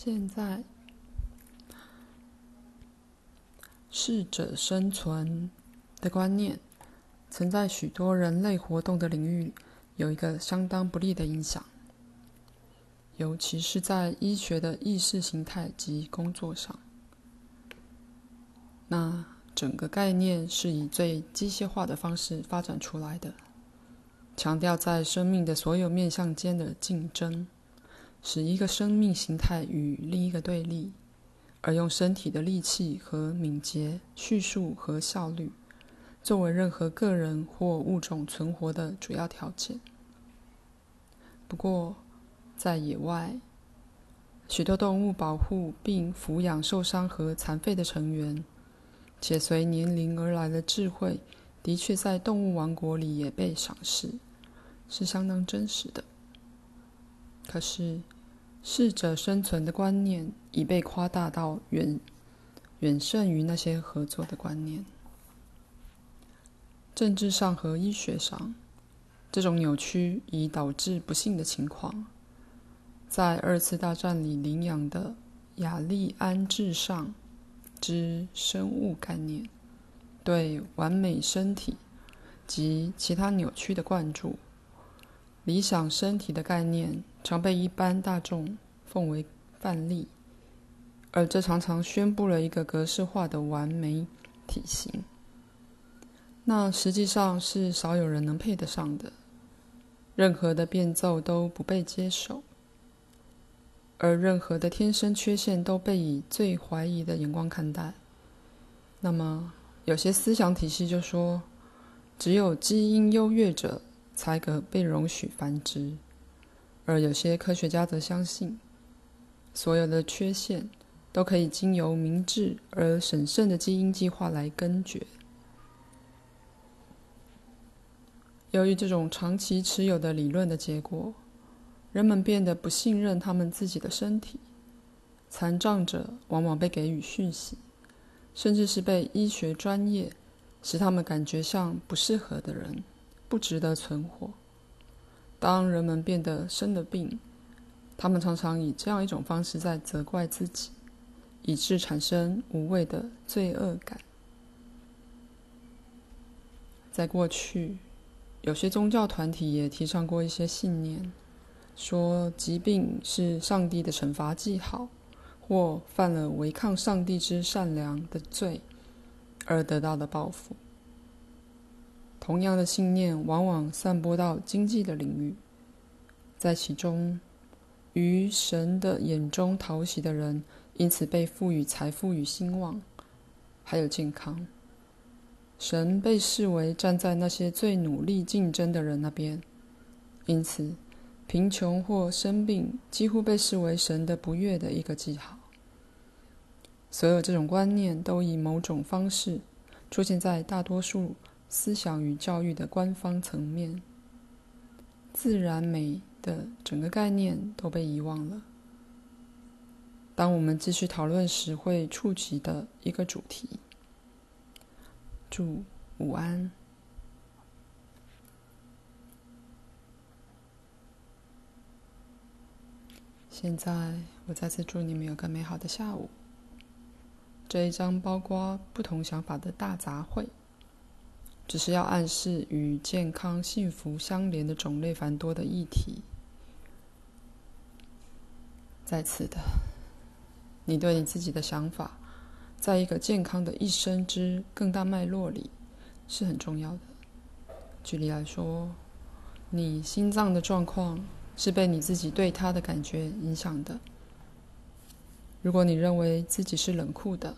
現在，“適者生存”的觀念，曾在許多人類活動的領域有一個相當不利的影響，尤其是在醫學的意識形態及工作上。那整個概念是以最機械化的方式發展出來的，強調在生命的所有面向間的競爭。使一個生命形態與另一個對立，而用身體的力氣和敏捷、迅速和效率，作為任何個人或物種存活的主要條件。不過，在野外，許多動物保護並撫養受傷和殘廢的成員，且隨年齡而來的智慧，的確在動物王國裡也被賞識，是相當真實的。可是，適者生存的觀念已被誇大到遠遠勝於那些合作的觀念。政治上和醫學上，這種扭曲已導致不幸的情況。在二次大戰裡領養的雅利安至上之生物概念，對完美身體及其他扭曲的關注。理想身體的概念常被一般大眾奉為範例，而這常常宣布了一個格式化的完美體型，那實際上是少有人能配得上的，任何的變奏都不被接受，而任何的天生缺陷都被以最懷疑的眼光看待。那麼，有些思想體系就說，只有基因優越者才可被容許繁殖，而有些科學家則相信，所有的缺陷都可以經由明智而審慎的基因計劃來根絕。由於這種長期持有的理論的結果，人們變得不信任他們自己的身體，殘障者往往被給予訊息，甚至是被醫學專業使他們感覺像不適合的人，不值得存活。當人們變得生了病，他們常常以這樣一種方式在責怪自己，以致產生無謂的罪惡感。在過去，有些宗教團體也提倡過一些信念，說疾病是上帝的懲罰記號，或犯了違抗上帝之善良的罪而得到的報復。同樣的信念往往散播到經濟的領域，在其中，於神的眼中討喜的人，因此被賦予財富與興旺，還有健康。神被視為站在那些最努力競爭的人那邊，因此，貧窮或生病幾乎被視為神的不悅的一個記號。所有這種觀念都以某種方式出現在大多數。思想與教育的官方層面，自然美的整個概念都被遺忘了。當我們繼續討論時，會觸及的一個主題。祝午安！現在我再次祝你們有個美好的下午。這一章包括不同想法的大雜燴。只是要暗示與健康、幸福相連的種類繁多的議題。在此的，你對你自己的想法，在一個健康的一生之更大脈絡裡是很重要的。舉例來說，你心臟的狀況是被你自己對它的感覺影響的。如果你認為自己是冷酷的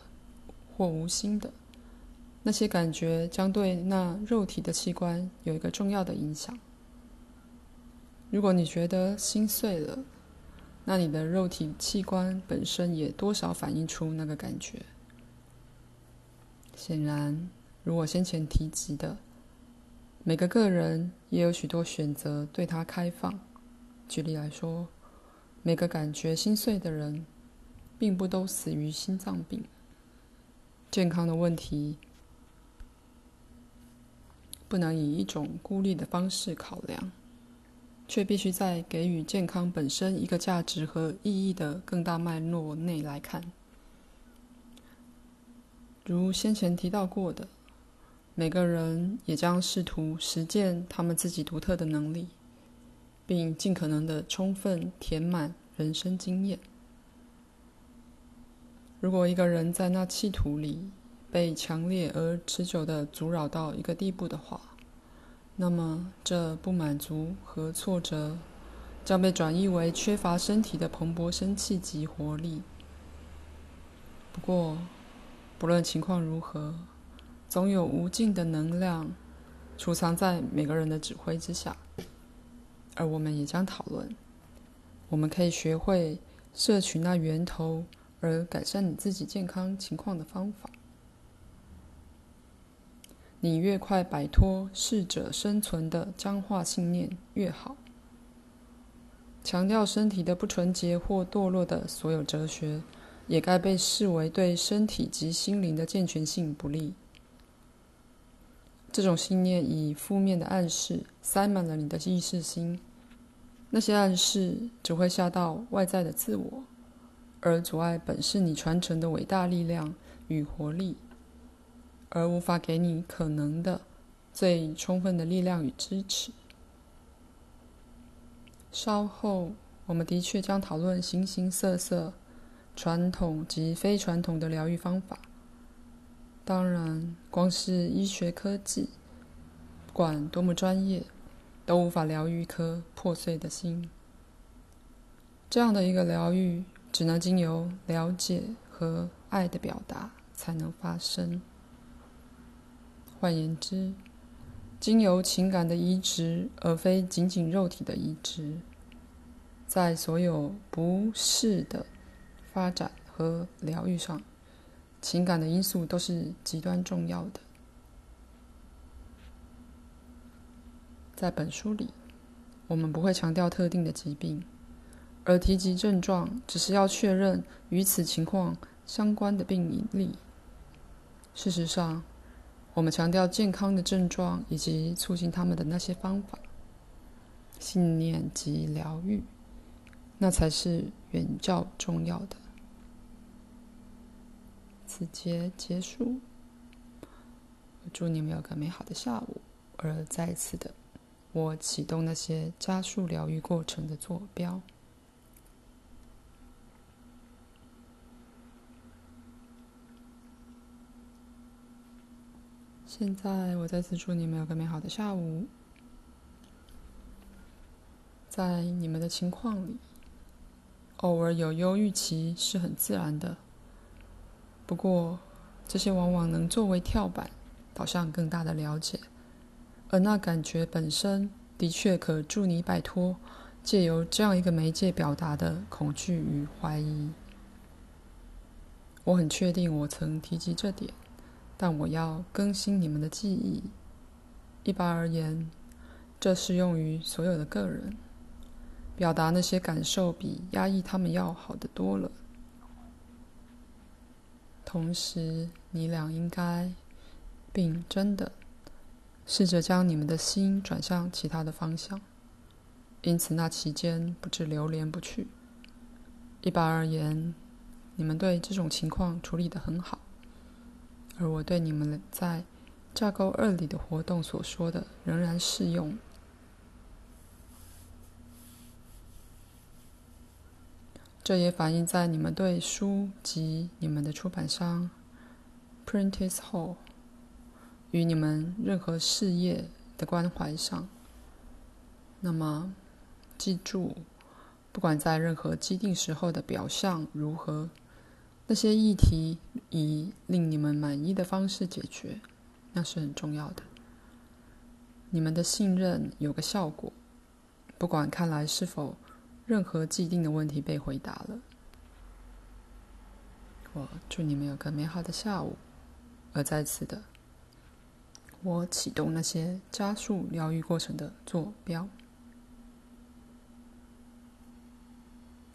或無心的，那些感覺將對那肉體的器官有一個重要的影響。如果你覺得心碎了，那你的肉體器官本身也多少反映出那個感覺。顯然，如我先前提及的，每個個人也有許多選擇對他開放。舉例來說，每個感覺心碎的人並不都死於心臟病。健康的問題，不能以一種孤立的方式考量，卻必須在給予健康本身一個價值和意義的更大脈絡內來看。如先前提到過的，每個人也將試圖實踐他們自己獨特的能力，並盡可能地充分填滿人生經驗。如果一個人在那企圖裡，被強烈而持久的阻擾到一個地步的話，那麼這不滿足和挫折將被轉移為缺乏身體的蓬勃生氣及活力。不過，不論情況如何，總有無盡的能量儲藏在每個人的指揮之下，而我們也將討論我們可以學會攝取那源頭而改善你自己健康情況的方法。你越快擺脫“適者生存”的僵化信念越好。強調身體的不純潔或墮落的所有哲學，也該被視為對身體及心靈的健全性不利。這種信念以負面的暗示塞滿了你的意識心，那些暗示只會嚇到外在的自我，而阻礙本是你傳承的偉大力量與活力。而無法給你可能的最充分的力量與支持。稍後，我們的確將討論形形色色傳統及非傳統的療癒方法。當然，光是醫學科技，不管多麼專業，都無法療癒一顆破碎的心。這樣的一個療癒，只能經由了解和愛的表達才能發生。換言之，經由情感的移植，而非僅僅肉體的移植，在所有不適的發展和療癒上，情感的因素都是極端重要的。在本書裡，我們不會強調特定的疾病，而提及症狀，只是要確認與此情況相關的病例。事實上。我們強調健康的症狀以及促進他們的那些方法、信念及療癒，那才是遠較重要的。此節結束。祝你們有，有個美好的下午。而再次的，我啟動那些加速療癒過程的坐標。現在，我再次祝你們有個美好的下午。在你們的情況裡，偶爾有憂鬱期是很自然的。不過，這些往往能作為跳板，導向更大的了解，而那感覺本身的確可助你擺脫借由這樣一個媒介表達的恐懼與懷疑。我很確定我曾提及這點。但我要更新你們的記憶。一般而言，這適用於所有的個人。表達那些感受比壓抑他們要好得多了。同時，你倆應該並真的試着將你們的心轉向其他的方向。因此，那期間不致流連不去。一般而言，你們對這種情況處理得很好。而我對你們在《架構二》裡的活動所說的仍然適用，這也反映在你們對書及你們的出版商 p r i n t i c e Hall） 與你們任何事業的關懷上。那麼，記住，不管在任何既定時候的表象如何。這些議題以令你們滿意的方式解決，那是很重要的。你們的信任有個效果，不管看來是否任何既定的問題被回答了。我祝你們有個美好的下午，而再次的，我啟動那些加速療癒過程的坐標。